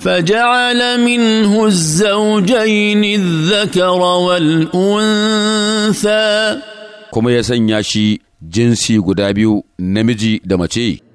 فجعل منه الزوجين الذكر والأنثى كما يسنى شي جنسي قدابيو نمجي دمتي